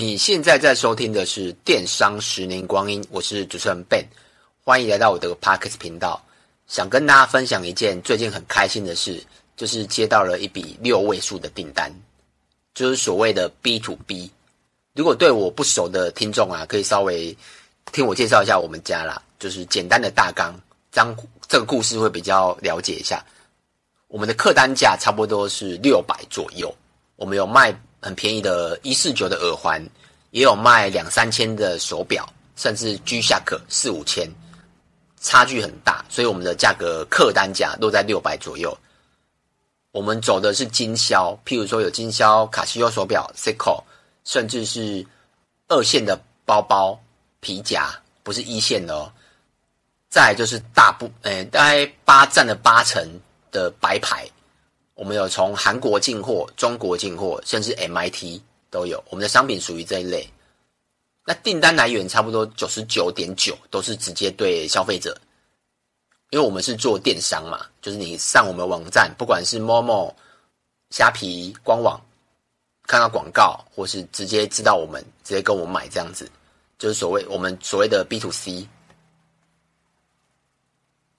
你現在在收聽的是《電商十年光陰》，我是主持人 Ben，歡迎來到我的 Podcast 頻道。想跟大家分享一件最近很開心的事，就是接到了一筆六位數的訂單，就是所謂的 B to B。如果對我不熟的聽眾啊，可以稍微聽我介紹一下我們家啦，就是簡單的大綱，這樣這個故事會比較了解一下。我們的客單價差不多是六百左右，我們有賣。很便宜的，一四九的耳環，也有賣兩三千的手錶，甚至 G-Shock 四五千，差距很大。所以我們的價格客單價都在六百左右。我們走的是經銷，譬如說有經銷卡西歐手錶、Seiko 甚至是二線的包包、皮夾，不是一線的哦。再來就是大部，呃、欸，大概八占了八成的白牌。我們有從韓國進貨、中國進貨，甚至 MIT 都有。我們的商品屬於這一類。那訂單來源差不多九十九點九都是直接對消費者，因為我們是做電商嘛，就是你上我們網站，不管是 Momo、蝦皮官網，看到廣告，或是直接知道我們，直接跟我們買這樣子，就是所謂我們所謂的 B to C。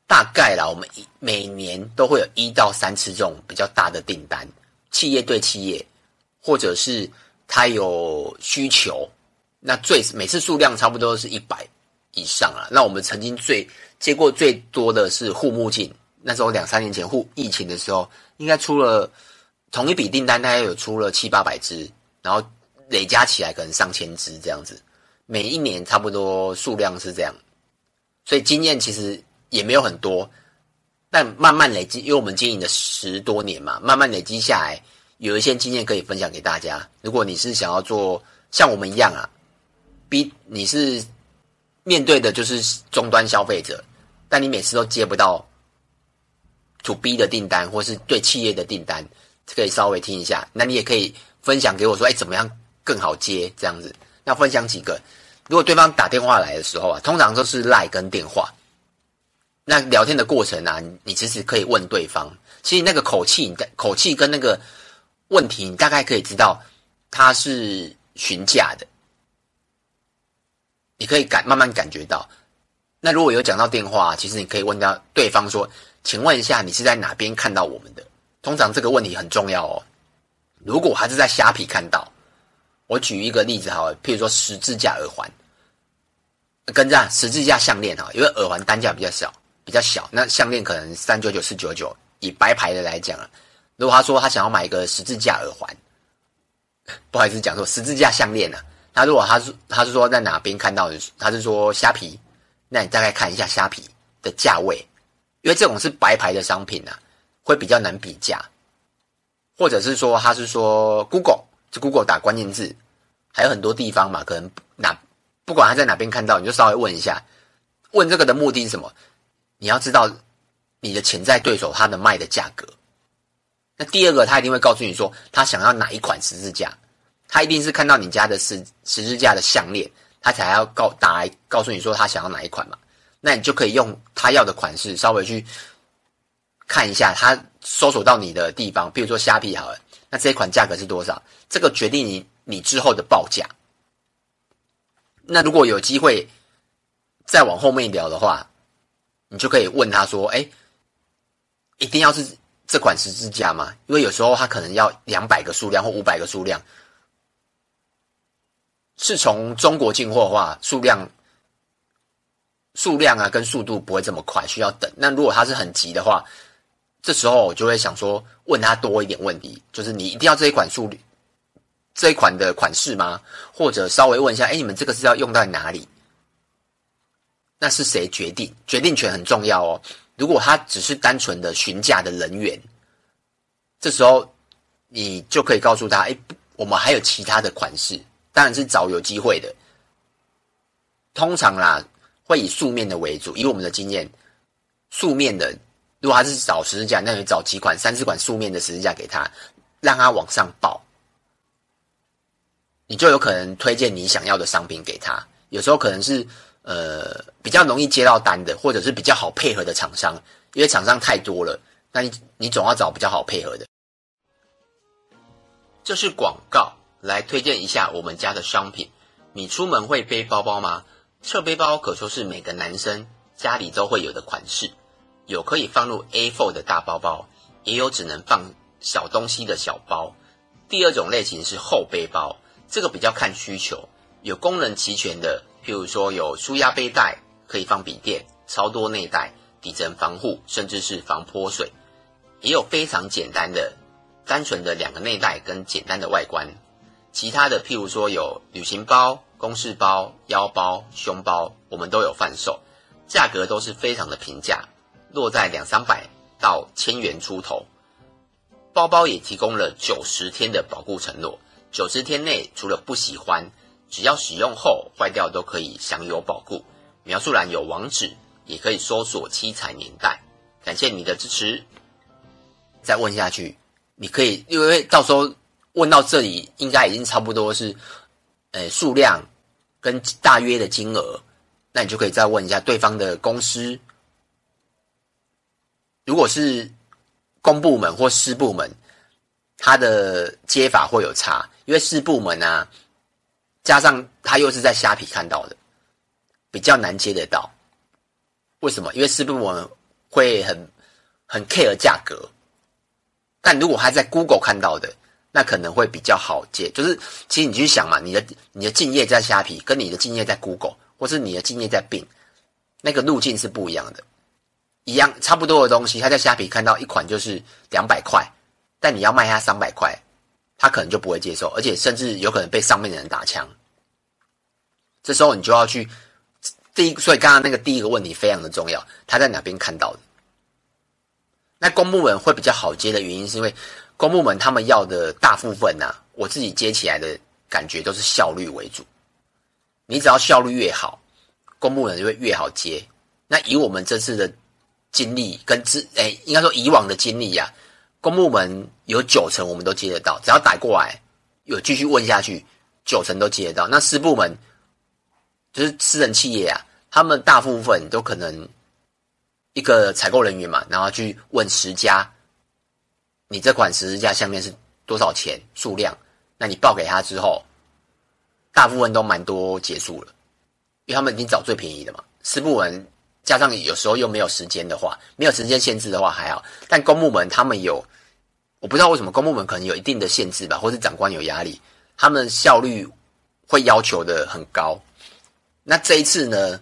大概啦，我們每每年都會有一到三次這種比較大的訂單，企業對企業，或者是他有需求，那最每次數量差不多是一百以上啦。那我們曾經最接過最多的是護目鏡，那時候兩三年前護疫情的時候，應該出了同一筆訂單，大概有出了七八百隻，然後累加起來可能上千隻這樣子。每一年差不多數量是這樣，所以經驗其實也沒有很多，但慢慢累積，因為我們經營了十多年嘛，慢慢累積下來有一些經驗可以分享給大家。如果你是想要做像我們一樣啊，B 你是面對的就是終端消費者，但你每次都接不到 To B 的訂單或是對企業的訂單，可以稍微聽一下。那你也可以分享給我說，說、欸、哎怎麼樣更好接這樣子？那分享幾個，如果對方打電話來的時候啊，通常都是 Line 跟電話。那聊天的過程啊，你其實可以問對方，其實那個口氣，你的口氣跟那個問題，你大概可以知道他是詢價的。你可以感慢慢感覺到。那如果有講到電話啊，其實你可以問到對方說：“請問一下，你是在哪邊看到我們的？”通常這個問題很重要哦。如果還是在蝦皮看到，我舉一個例子好，譬如說十字架耳環跟這樣十字架項鏈哈，因為耳環單價比較小。比較小，那項鏈可能三九九四九九。以白牌的來講啊，如果他說他想要買一個十字架耳環，不好意思講說十字架項鏈啊，他如果他是他是說在哪邊看到的，他是說蝦皮，那你大概看一下蝦皮的價位，因為這種是白牌的商品啊，會比較難比價。或者是說他是說 Google，就 Google 打關鍵字，還有很多地方嘛，可能哪不管他在哪邊看到，你就稍微問一下。問這個的目的是什麼？你要知道你的潛在對手他能賣的價格，那第二個他一定會告訴你說他想要哪一款十字架，他一定是看到你家的十十字架的項鏈他才要告打來告訴你說他想要哪一款嘛。那你就可以用他要的款式稍微去看一下他搜索到你的地方，比如說蝦皮好了，那這一款價格是多少？這個決定你你之後的報價。那如果有機會再往後面聊的話。你就可以問他說：“哎、欸，一定要是這款十字架嗎？因為有時候他可能要兩百個數量或五百個數量。是從中國進貨的話，數量數量啊，跟速度不會這麼快，需要等。那如果他是很急的話，這時候我就會想說，問他多一點問題，就是你一定要這一款數這一款的款式嗎？或者稍微問一下，哎、欸，你們這個是要用在哪裡？”那是誰決定？決定權很重要哦。如果他只是單純的詢價的人員，這時候你就可以告訴他：“哎，我們還有其他的款式，當然是找有機會的。通常啦，會以素面的為主。以我們的經驗，素面的如果他是找十字架，那你找幾款、三四款素面的十字架給他，讓他往上報，你就有可能推薦你想要的商品給他。有時候可能是。”呃，比較容易接到單的，或者是比較好配合的廠商，因為廠商太多了，那你你總要找比較好配合的。這是廣告，來推薦一下我們家的商品。你出門會背包包嗎？側背包可說是每個男生家裡都會有的款式，有可以放入 A4 的大包包，也有只能放小東西的小包。第二種類型是後背包，這個比較看需求，有功能齊全的。譬如說有舒壓背帶，可以放筆電，超多內袋，底層防護，甚至是防潑水，也有非常簡單的、單純的兩個內袋跟簡單的外觀。其他的譬如說有旅行包、公事包、腰包、胸包，我們都有販售，價格都是非常的平價，落在兩三百到千元出頭。包包也提供了九十天的保固承諾，九十天內除了不喜歡。只要使用後壞掉都可以享有保固。描述欄有網址，也可以搜索“七彩年代”。感謝你的支持。再問下去，你可以因為到時候問到這裡，應該已經差不多是，呃，數量跟大約的金額，那你就可以再問一下對方的公司。如果是公部門或私部門，它的接法會有差，因為私部門啊。加上他又是在蝦皮看到的，比較難接得到。為什麼？因為是不是我們會很很 care 價格。但如果他在 Google 看到的，那可能會比較好接。就是其實你去想嘛，你的你的敬業在蝦皮，跟你的敬業在 Google，或是你的敬業在 Bing，那個路徑是不一樣的。一樣差不多的東西，他在蝦皮看到一款就是兩百塊，但你要賣他三百塊。他可能就不會接受，而且甚至有可能被上面的人打槍。這時候你就要去，第一，所以剛剛那個第一個問題非常的重要，他在哪邊看到的？那公部門會比較好接的原因，是因為公部門他們要的大部分呢、啊，我自己接起來的感覺都是效率為主。你只要效率越好，公部門就會越好接。那以我們這次的經歷跟之，誒，應該說以往的經歷呀、啊。公部門有九成我們都接得到，只要打過來，有繼續問下去，九成都接得到。那私部門就是私人企業啊，他們大部分都可能一個採購人員嘛，然後去問十家，你這款十字架項鍊是多少錢、數量？那你報給他之後，大部分都蠻多結束了，因為他們已經找最便宜的嘛。私部門。加上有時候又沒有時間的話，沒有時間限制的話還好，但公部門他們有，我不知道為什麼公部門可能有一定的限制吧，或是長官有壓力，他們效率會要求的很高。那這一次呢，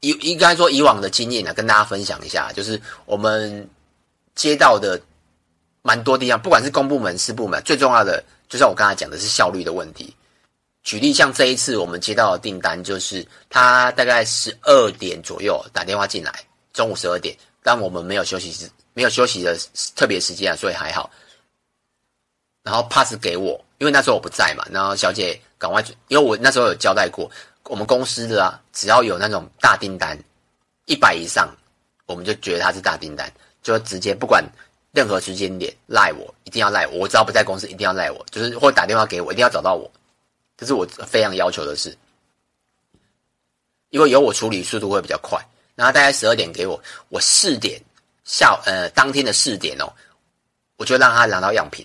以應該說以往的經驗呢，跟大家分享一下，就是我們接到的蠻多地方，不管是公部門、私部門，最重要的，就像我剛才講的，是效率的問題。舉例，像這一次我們接到的訂單，就是他大概十二點左右打電話進來，中午十二點，但我們沒有休息時，沒有休息的特別時間啊，所以還好。然後 pass 給我，因為那時候我不在嘛，然後小姐趕快，因為我那時候有交代過，我們公司的啊，只要有那種大訂單，一百以上，我們就覺得他是大訂單，就直接不管任何時間點賴我，一定要賴我，我只要不在公司一定要賴我，就是或打電話給我，一定要找到我。可是我非常要求的是，因為由我處理速度會比較快，然後大概十二點給我，我四點下，呃當天的四點哦，我就讓他拿到樣品。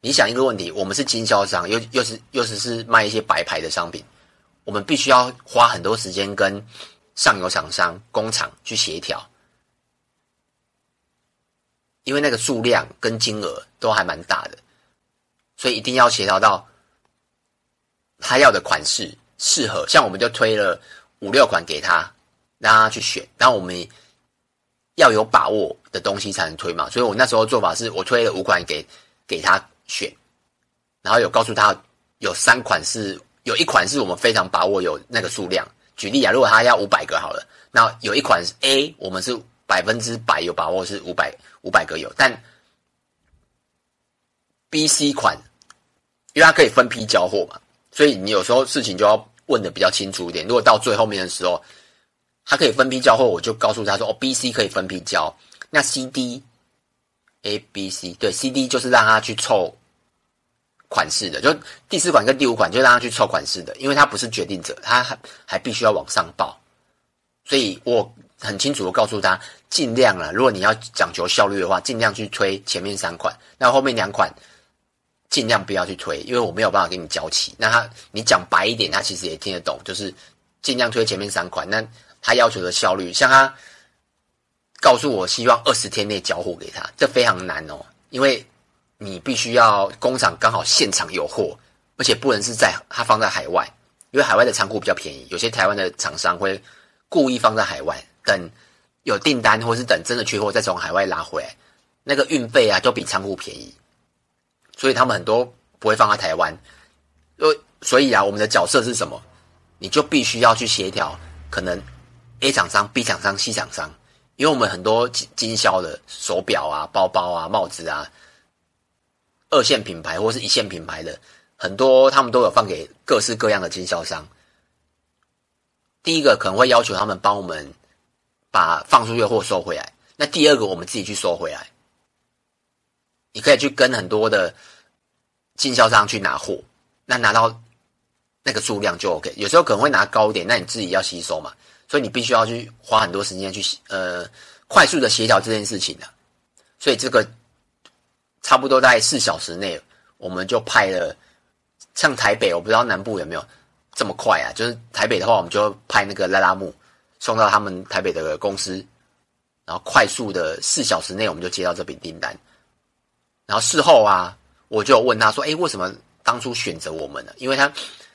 你想一個問題，我們是經銷商，又又是又是是賣一些白牌的商品，我們必須要花很多時間跟上游廠商、工廠去協調，因為那個數量跟金額都還蠻大的，所以一定要協調到。他要的款式適合，像我們就推了五六款給他，讓他去選。然後我們要有把握的東西才能推嘛，所以我那時候做法是我推了五款給給他選，然後有告訴他有三款是有一款是我們非常把握有那個數量。舉例啊，如果他要五百個好了，那有一款是 A 我們是百分之百有把握是五百五百個有，但 B、C 款，因為它可以分批交貨嘛。所以你有時候事情就要問的比較清楚一點。如果到最後面的時候，他可以分批交貨，或我就告訴他說：“哦，B、C 可以分批交，那 C、D、A、B、C，對，C、D 就是讓他去湊款式的，就第四款跟第五款就讓他去湊款式的，因為他不是決定者，他還還必須要往上報。所以我很清楚的告訴他，盡量啊，如果你要講求效率的話，盡量去推前面三款，那後面兩款。”盡量不要去推，因為我沒有辦法給你交期，那他，你講白一點，他其實也聽得懂，就是盡量推前面三款。那他要求的效率，像他告訴我希望二十天內交貨給他，這非常難哦，因為你必須要工廠剛好現場有貨，而且不能是在他放在海外，因為海外的倉庫比較便宜。有些台灣的廠商會故意放在海外，等有訂單或是等真的缺貨再從海外拉回來，那個運費啊就比倉庫便宜。所以他們很多不會放在台灣，所所以啊，我們的角色是什麼？你就必須要去協調，可能 A 廠商、B 廠商、C 廠商，因為我們很多經經銷的手錶啊、包包啊、帽子啊，二線品牌或是一線品牌的很多，他們都有放給各式各樣的經銷商。第一個可能會要求他們幫我們把放出去的貨收回來，那第二個我們自己去收回來。你可以去跟很多的經銷商去拿貨，那拿到那個數量就 OK。有時候可能會拿高一點，那你自己要吸收嘛，所以你必須要去花很多時間去呃快速的協調這件事情的啊。所以這個差不多在四小時內，我們就派了。像台北，我不知道南部有沒有這麼快啊？就是台北的話，我們就派那個拉拉木送到他們台北的公司，然後快速的四小時內，我們就接到這筆訂單。然後事後啊，我就問他說：“哎，為什麼當初選擇我們呢？”因為他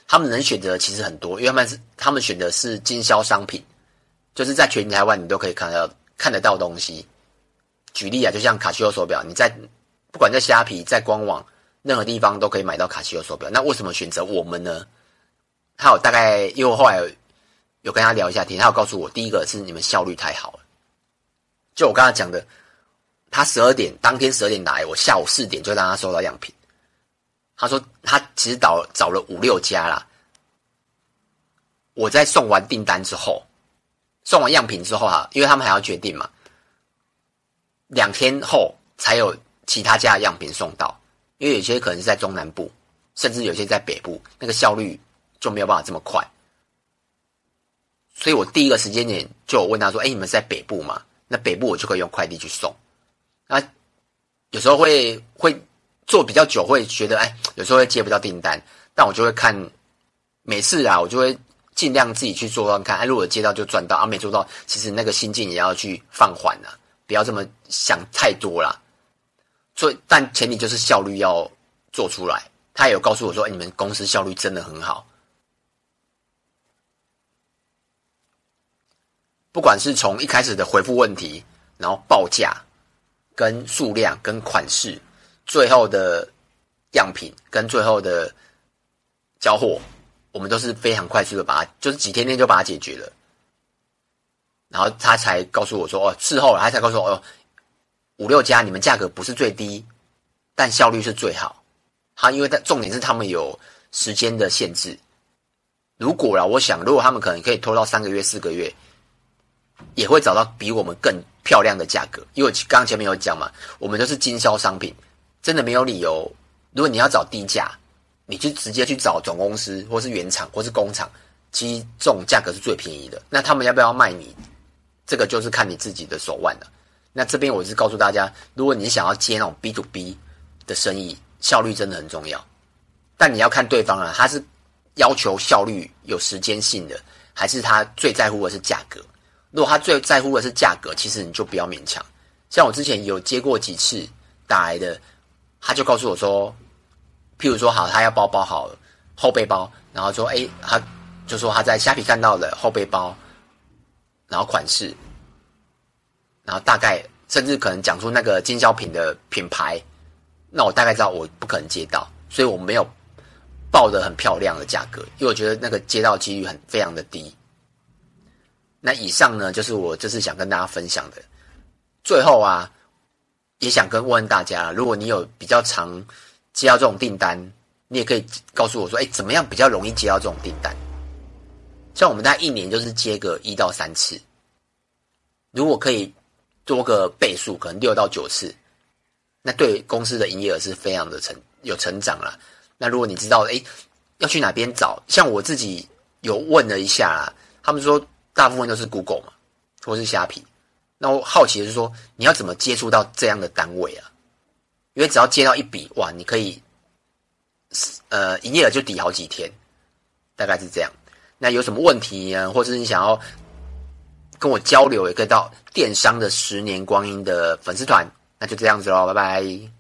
他們能選擇的其實很多，因為他們是他們選擇的是經銷商品，就是在全台灣你都可以看到看得到東西。舉例啊，就像卡西歐手表，你在不管在蝦皮在官網任何地方都可以買到卡西歐手表。那為什麼選擇我們呢？他有大概因為後來有跟他聊一下天，他有告訴我，第一個是你們效率太好了，就我剛才講的。他十二點，當天十二點來，我下午四點就讓他收到樣品。他說他其實找了找了五六家啦。我在送完訂單之後，送完樣品之後哈、啊，因為他們還要決定嘛，兩天後才有其他家的樣品送到，因為有些可能是在中南部，甚至有些在北部，那個效率就沒有辦法這麼快。所以我第一個時間點就問他說：“哎，你們是在北部嗎？那北部我就可以用快遞去送。”啊，有時候會會做比較久，會覺得哎，有時候會接不到訂單，但我就會看每次啊，我就會盡量自己去做看，看、啊、哎，如果接到就賺到，啊，沒做到，其實那個心境也要去放緩了、啊，不要這麼想太多了。所以，但前提就是效率要做出來。他也有告訴我說，哎，你們公司效率真的很好，不管是從一開始的回復問題，然後報價。跟數量、跟款式、最後的樣品跟最後的交貨，我們都是非常快速的把它，就是幾天天就把它解決了。然後他才告訴我說：“哦，事後了他才告訴我哦，五六家你們價格不是最低，但效率是最好。他因為，但重點是他們有時間的限制。如果啦，我想，如果他們可能可以拖到三個月、四個月，也會找到比我們更”漂亮的價格，因為我剛前面有講嘛，我們都是經銷商品，真的沒有理由。如果你要找低價，你就直接去找總公司，或是原廠，或是工廠，其實這種價格是最便宜的。那他們要不要賣你，這個就是看你自己的手腕了啊。那這邊我是告訴大家，如果你想要接那種 B to B 的生意，效率真的很重要。但你要看對方啊，他是要求效率有時間性的，還是他最在乎的是價格。如果他最在乎的是價格，其實你就不要勉強。像我之前有接過幾次打來的，他就告訴我說，譬如說好，他要包包好了，後背包，然後說哎、欸，他就說他在蝦皮看到了後背包，然後款式，然後大概甚至可能講出那個經銷品的品牌，那我大概知道我不可能接到，所以我沒有報的很漂亮的價格，因為我覺得那個接到幾率很非常的低。那以上呢，就是我就是想跟大家分享的。最後啊，也想跟問問大家，如果你有比較常接到這種訂單，你也可以告訴我說，欸，怎麼樣比較容易接到這種訂單？像我們大概一年就是接個一到三次，如果可以多個倍數，可能六到九次，那對公司的營業額是非常的成有成長了。那如果你知道，欸，要去哪邊找，像我自己有問了一下啦，他們說，大部分都是 Google 嘛，或是蝦皮，那我好奇的是說，你要怎麼接觸到這樣的單位啊？因為只要接到一筆，哇，你可以，呃，營業額就抵好幾天，大概是這樣。那有什麼問題啊，或者是你想要跟我交流，也可以到電商的十年光陰的粉絲團。那就這樣子嘍，拜拜。